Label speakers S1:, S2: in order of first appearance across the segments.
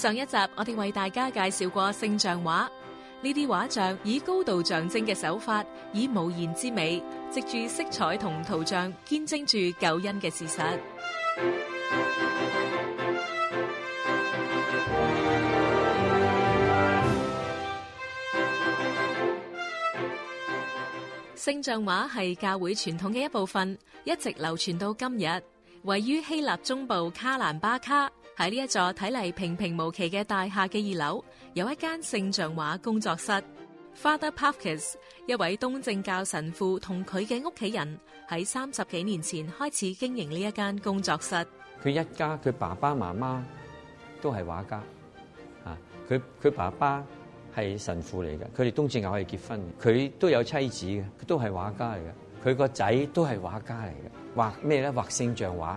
S1: 上一集我哋為大家介紹過聖像畫，呢啲畫像以高度象徵嘅手法，以無言之美，藉住色彩同圖像見證住救恩嘅事實。 聖像畫係教會傳統嘅一部分，一直流傳到今日。位於希臘中部卡蘭巴卡。喺呢一座睇嚟平平無奇嘅大廈嘅二樓，有一間聖像畫工作室。Father Parkes 一位東正教神父和他的家人，同佢嘅屋企人喺三十幾年前開始經營呢一間工作室。佢一家，佢爸爸媽媽
S2: 都係畫家。啊，佢佢爸爸係神父嚟嘅，佢哋東正教係結婚嘅，佢都有妻子嘅，佢都係畫家嚟嘅，佢個仔都係畫家嚟嘅。畫咩咧？畫聖像畫。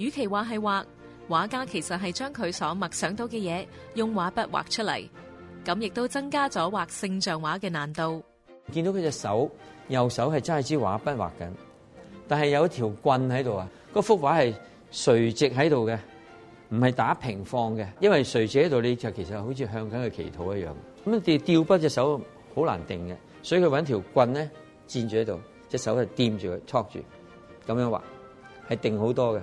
S1: 與其話係畫，畫家，其實係將佢所默想到嘅嘢，用畫筆畫出嚟，咁亦都增加咗畫聖像畫嘅難度。
S2: 見到佢隻手，右手係揸支畫筆畫緊，但係有一條棍喺度啊。嗰幅畫係垂直喺度嘅，唔係打平放嘅，因為垂直喺度你就其實好似向緊佢祈禱一樣。咁你吊吊筆隻手好難定嘅，所以佢揾條棍咧箭住喺度，隻手係掂住佢戳住，咁樣畫係定好多嘅。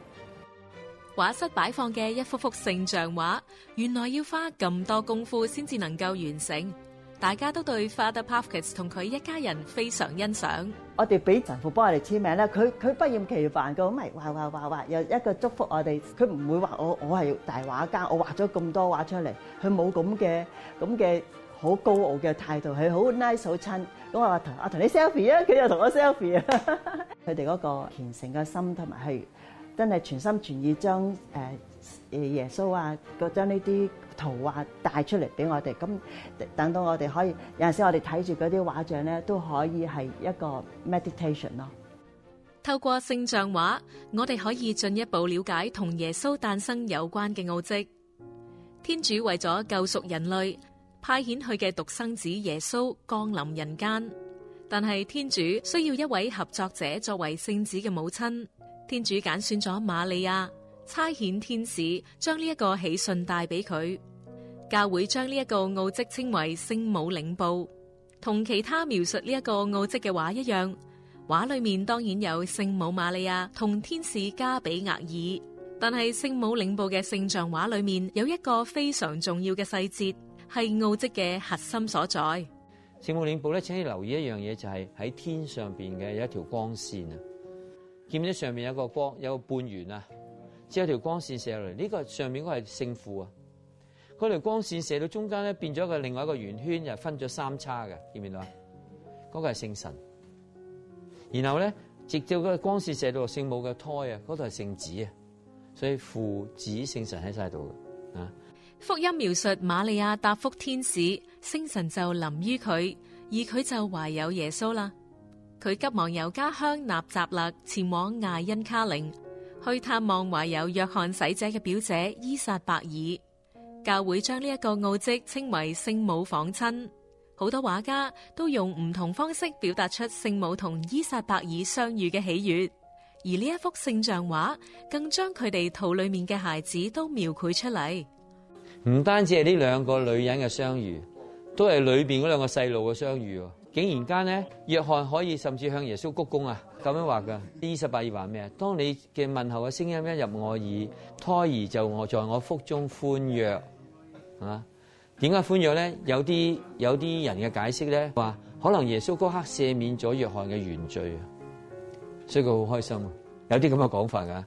S1: 畫室擺放嘅一幅幅聖像畫，原來要花咁多功夫先至能夠完成。大家都對 Father Papakis 同佢一家人非常欣賞。
S2: 我哋俾神父幫我哋簽名啦，佢佢不厭其煩噶，咁咪畫畫畫畫，又一個祝福我哋。佢唔會話我我係大畫家，我畫咗咁多畫出嚟，佢冇咁嘅咁嘅好高傲嘅態度，係好 nice 好親。咁我話，啊，我同你 selfie 啊，佢又同我 selfie 啊。佢哋嗰個虔誠嘅心同埋係。真係全心全意將耶穌啊，個將呢啲圖畫帶出嚟俾我哋。咁等到我哋可以有陣時，我哋睇住嗰啲畫像咧，都可以係一個 meditation。
S1: 透過聖像畫，我哋可以進一步了解同耶穌誕生有關嘅奧跡。天主為咗救贖人類，派遣佢嘅獨生子耶穌降臨人間。但係天主需要一位合作者作為聖子嘅母親。天主揀選咗瑪利亞，差遣天使將呢一個喜訊帶俾佢。教會將呢一個奧跡稱為聖母領報。同其他描述呢一個奧跡嘅畫一樣，畫裏面當然有聖母瑪利亞同天使加俾額爾。但係聖母領報嘅聖像畫裏面有一個非常重要嘅細節，係奧跡嘅核心所在。
S2: 聖母領報咧，請你留意一樣嘢，就係、是、喺天上邊嘅有一條光線啊。見唔見到上面有個光，有個半圓啊，只有條光線射落嚟。呢個上面嗰個係聖父啊，嗰條光線射到中間咧，變咗個另外一個圓圈，就分咗三叉嘅，見唔見到啊？嗰個係聖神。然後咧，直到嗰個光線射到聖母嘅胎啊，嗰度係聖子啊，所以父子聖神喺晒度嘅啊。
S1: 福音描述瑪利亞答覆天使，聖神就臨於佢，而佢就懷有耶穌啦。佢急忙由家鄉納扎勒前往亞因卡嶺，去探望懷有約翰使者嘅表姐伊撒伯爾。教會將呢一個奧蹟稱為聖母訪親，好多畫家都用唔同方式表達出聖母同伊撒伯爾相遇嘅喜悅。而呢一幅聖像畫更將佢哋肚裏面嘅孩子都描繪出嚟。
S2: 唔單止係呢兩個女人嘅相遇，都係裏邊嗰兩個細路嘅相遇。竟然間咧，約翰可以甚至向耶穌鞠躬啊！咁樣說的這話噶，呢十八二話咩啊？當你嘅問候嘅聲音一入我耳，胎兒就我在我腹中歡躍，係嘛？點解歡躍咧？有啲有啲人嘅解釋咧，話可能耶穌嗰刻赦免咗約翰嘅原罪啊，所以佢好開心，啊。有啲咁嘅講法㗎。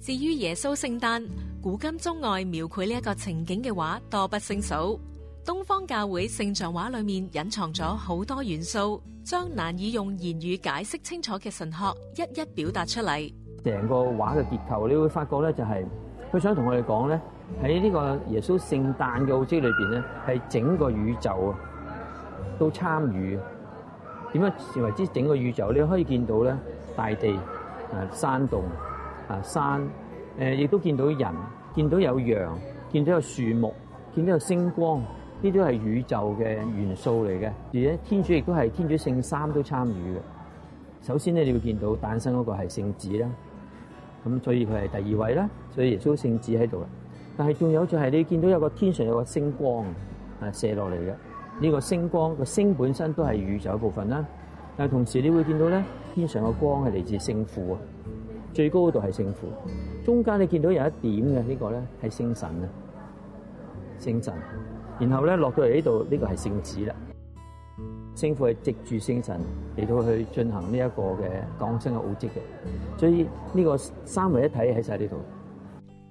S1: 至於耶穌聖誕，古今中外描繪呢一個情景嘅話，多不勝數。東方教會聖像畫裏面隱藏咗好多元素，將難以用言語解釋清楚嘅神學一一表達出嚟。
S2: 成個畫嘅結構，你會發覺咧，就係佢想同我哋講咧，喺呢個耶穌聖誕嘅奧跡裏邊咧，係整個宇宙啊都參與。點樣是為之整個宇宙？你可以見到咧，大地啊，山洞啊，山，誒亦都見到人，見到有羊，見到有樹木，見到有星光。呢啲係宇宙嘅元素嚟嘅，而且天主亦都係天主聖三都參與嘅。首先咧，你會見到誕生嗰個係聖子啦，咁所以佢係第二位啦。所以耶穌聖子喺度啦。但係仲有就係、是、你見到有個天上有個星光啊，射落嚟嘅呢個星光、這個星本身都係宇宙一部分啦。但同時你會見到咧天上個光係嚟自聖父啊，最高度係聖父，中間你見到有一點嘅、這個、呢個咧係聖神啊，聖神。聖神然後咧落到嚟呢度，呢、這個係聖子啦。聖父係藉住聖神嚟到去進行呢一個嘅降生嘅奧蹟嘅，所以呢個三位一體喺晒呢度。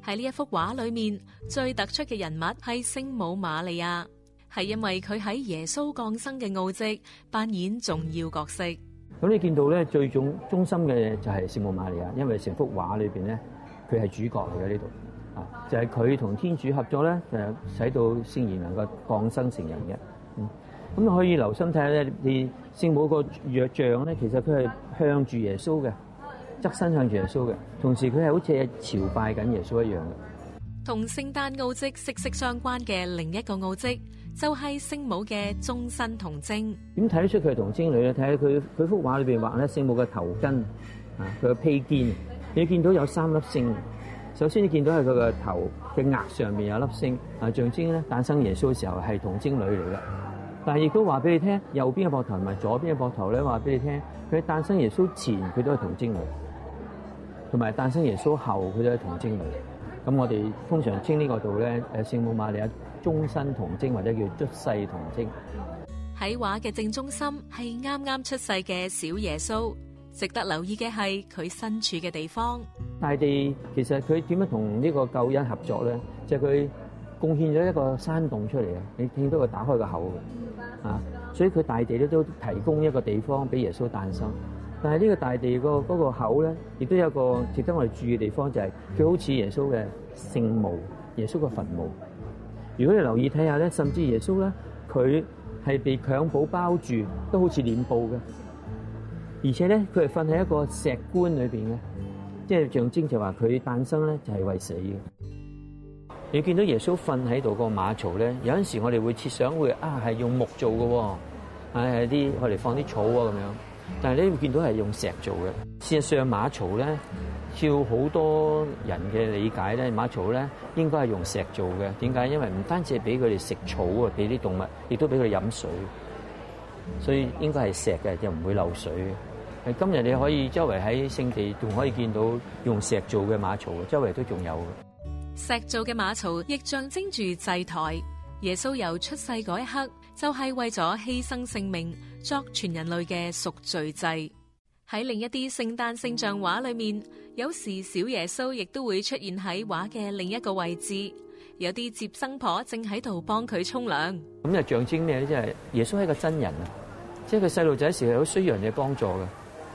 S1: 喺呢一幅畫裏面，最突出嘅人物係聖母瑪利亞，係因為佢喺耶穌降生嘅奧蹟扮演重要角色。
S2: 咁你見到咧最中中心嘅就係聖母瑪利亞，因為成幅畫裏面咧佢係主角嚟嘅呢度。就係佢同天主合作咧，就係使到聖言能夠降生成人嘅。咁可以留心睇下咧，啲聖母個若像咧，其實佢係向住耶穌嘅，側身向住耶穌嘅。同時佢係好似係朝拜緊耶穌一樣嘅。
S1: 同聖誕奧蹟息息相關嘅另一個奧蹟，就係聖母嘅終身童貞。
S2: 點睇得出佢係童貞女咧？睇下佢佢幅畫裏邊畫咧，聖母嘅頭巾啊，佢嘅披肩，你見到有三粒星。首先你，你見到係佢個頭嘅額上面有粒星，係象徵咧誕生耶穌嘅時候係童貞女嚟嘅。但係亦都話俾你聽，右邊嘅膊頭同埋左邊嘅膊頭咧話俾你聽，佢誕生耶穌前佢都係童貞女，同埋誕生耶穌後佢都係童貞女。咁我哋通常稱個呢個度咧，誒聖母瑪利亞終身童貞或者叫出世童貞。
S1: 喺畫嘅正中心係啱啱出世嘅小耶穌。值得留意嘅係佢身處嘅地方，
S2: 大地其實佢點樣同呢個救恩合作咧？就係佢貢獻咗一個山洞出嚟啊！你聽到佢打開個口啊，所以佢大地咧都提供一個地方俾耶穌誕生。但係呢個大地個嗰個口咧，亦都有個值得我哋注意嘅地方，就係佢好似耶穌嘅聖墓，耶穌嘅墳墓。如果你留意睇下咧，甚至耶穌咧，佢係被襁褓包住，都好似殮布嘅。而且咧，佢係瞓喺一個石棺裏邊嘅，即係象徵就話佢誕生咧就係為死嘅。你見到耶穌瞓喺度個馬槽咧，有陣時我哋會設想會啊係用木做嘅、哦，係啲我哋放啲草啊咁樣，但係你會見到係用石做嘅。事實上馬槽咧，照好多人嘅理解咧，馬槽咧應該係用石做嘅。點解？因為唔單止係俾佢哋食草啊，俾啲動物，亦都俾佢哋飲水，所以應該係石嘅，又唔會漏水。今日你可以周圍喺聖地，仲可以見到用石做嘅馬槽，周圍都仲有嘅。
S1: 石做嘅馬槽，亦象徵住祭台。耶穌由出世嗰一刻，就係、是、為咗犧牲性命，作全人類嘅贖罪祭。喺另一啲聖誕聖像畫裏面，有時小耶穌亦都會出現喺畫嘅另一個位置，有啲接生婆正喺度幫佢沖涼。
S2: 咁就象徵咩咧？即係耶穌係個真人啊！即係佢細路仔時，係好需要人嘅幫助嘅。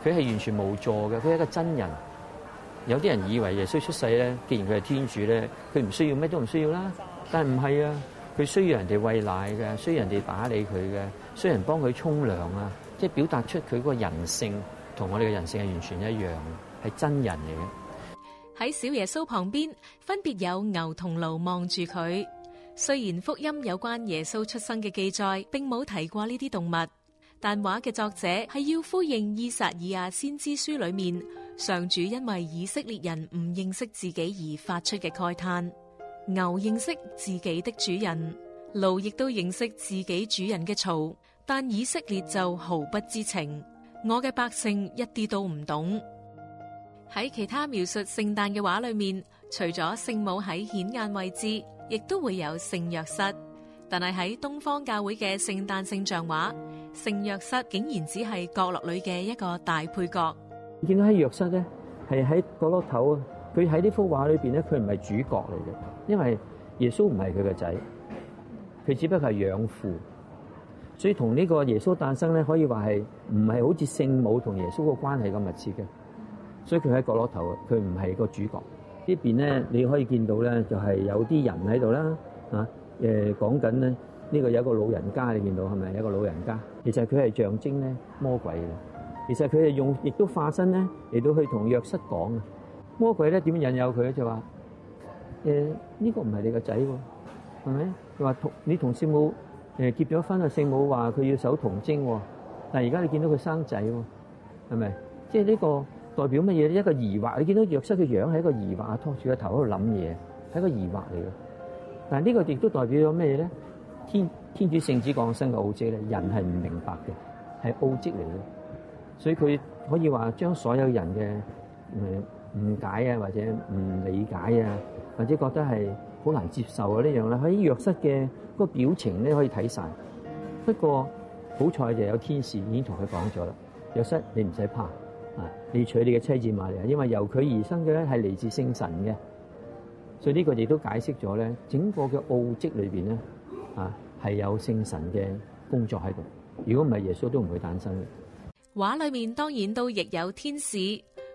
S2: 佢係完全無助嘅，佢係一個真人。有啲人以為耶穌出世咧，既然佢係天主咧，佢唔需要咩都唔需要啦。但係唔係啊，佢需要人哋餵奶嘅，需要人哋打理佢嘅，需要人幫佢沖涼啊！即係表達出佢嗰個人性，同我哋嘅人性係完全一樣嘅，係真人嚟嘅。
S1: 喺小耶穌旁邊，分別有牛同驢望住佢。雖然福音有關耶穌出生嘅記載，並冇提過呢啲動物。但畫嘅作者係要呼應以賽亞先知書裏面，上主因為以色列人唔認識自己而發出嘅慨嘆。牛認識自己的主人，驢亦都認識自己主人嘅槽，但以色列就毫不知情。我嘅百姓一啲都唔懂。喺其他描述聖誕嘅畫裏面，除咗聖母喺顯眼位置，亦都會有聖約瑟，但係喺東方教會嘅聖誕聖像畫。聖約瑟竟然只係角落裏嘅一個大配角。
S2: 見到喺約瑟咧，係喺角落頭啊！佢喺呢幅畫裏邊咧，佢唔係主角嚟嘅，因為耶穌唔係佢個仔，佢只不過係養父。所以同呢個耶穌誕生咧，可以話係唔係好似聖母同耶穌個關係咁密切嘅。所以佢喺角落頭，佢唔係個主角。這邊呢邊咧，你可以見到咧，就係、是、有啲人喺度啦，啊，誒，講緊咧。呢個有一個老人家，你見到係咪有一個老人家？其實佢係象徵咧魔鬼嘅。其實佢係用亦都化身咧嚟到去同約瑟講嘅魔鬼咧點引誘佢就話：誒、呃、呢、這個唔係你個仔喎，係咪？佢話同你同聖母誒、呃、結咗婚啊，聖母話佢要守童貞、哦，但係而家你見到佢生仔喎、哦，係咪？即係呢個代表乜嘢？一個疑惑，你見到約瑟，嘅樣係一個疑惑，拖住個頭喺度諗嘢，係個疑惑嚟嘅。但係呢個亦都代表咗咩咧？天天主聖子降生嘅奧跡咧，人係唔明白嘅，係奧跡嚟嘅，所以佢可以話將所有人嘅誤解啊，或者唔理解啊，或者覺得係好難接受啊，呢樣咧，喺約瑟嘅個表情咧可以睇晒。不過好彩就有天使已經同佢講咗啦。約瑟，你唔使怕啊，你要娶你嘅妻子瑪利亞啊，因為由佢而生嘅咧係嚟自聖神嘅，所以呢個亦都解釋咗咧整個嘅奧跡裏邊咧。啊，係有聖神嘅工作喺度。如果唔係耶穌都唔會誕生嘅。
S1: 畫裏面當然都亦有天使，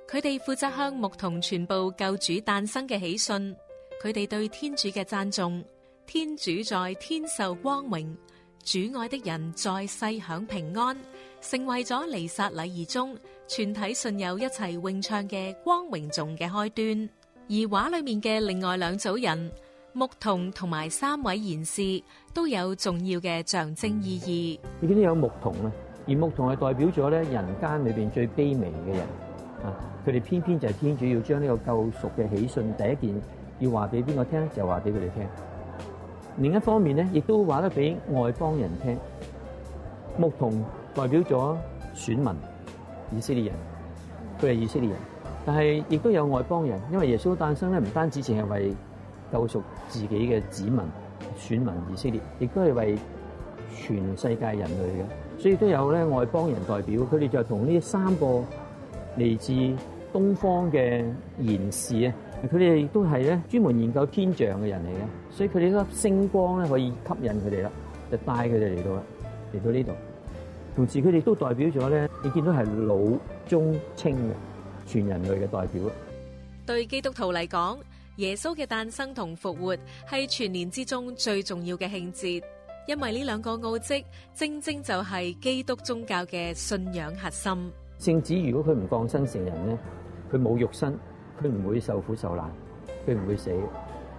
S1: 佢哋負責向牧童傳布救主誕生嘅喜訊。佢哋對天主嘅讚頌，天主在天受光榮，主愛的人在世享平安，成為咗彌撒禮儀中全體信友一齊詠唱嘅光榮頌嘅開端。而畫裏面嘅另外兩組人。牧童同埋三位賢士都有重要嘅象徵意義。
S2: 你見到有牧童啊，而牧童係代表咗咧人間裏邊最卑微嘅人啊，佢哋偏偏就係天主要將呢個救贖嘅喜訊第一件要話俾邊個聽咧，就話俾佢哋聽。另一方面咧，亦都話得俾外邦人聽。牧童代表咗選民以色列人，佢係以色列人，但係亦都有外邦人，因為耶穌誕生咧唔單止淨係為。救贖自己嘅子民選民以色列，亦都係為全世界人類嘅，所以都有咧外邦人代表。佢哋就同呢三個嚟自東方嘅賢士啊，佢哋亦都係咧專門研究天象嘅人嚟嘅，所以佢哋呢粒星光咧可以吸引佢哋啦，就帶佢哋嚟到啦，嚟到呢度。同時佢哋都代表咗咧，你見到係老中青嘅全人類嘅代表。
S1: 對基督徒嚟講。耶穌嘅誕生同復活係全年之中最重要嘅慶節，因為呢兩個奧蹟正正就係基督宗教嘅信仰核心。
S2: 聖子，如果佢唔降生成人咧，佢冇肉身，佢唔會受苦受難，佢唔會死，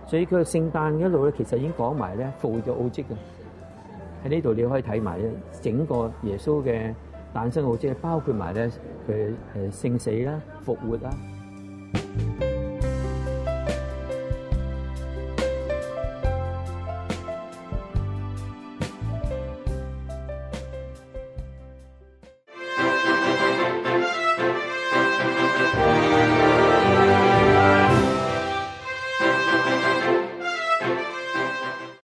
S2: 所以佢聖誕一路咧其實已經講埋咧復活嘅奧蹟嘅。喺呢度你可以睇埋咧整個耶穌嘅誕生奧蹟，包括埋咧佢誒聖死啦、復活啦。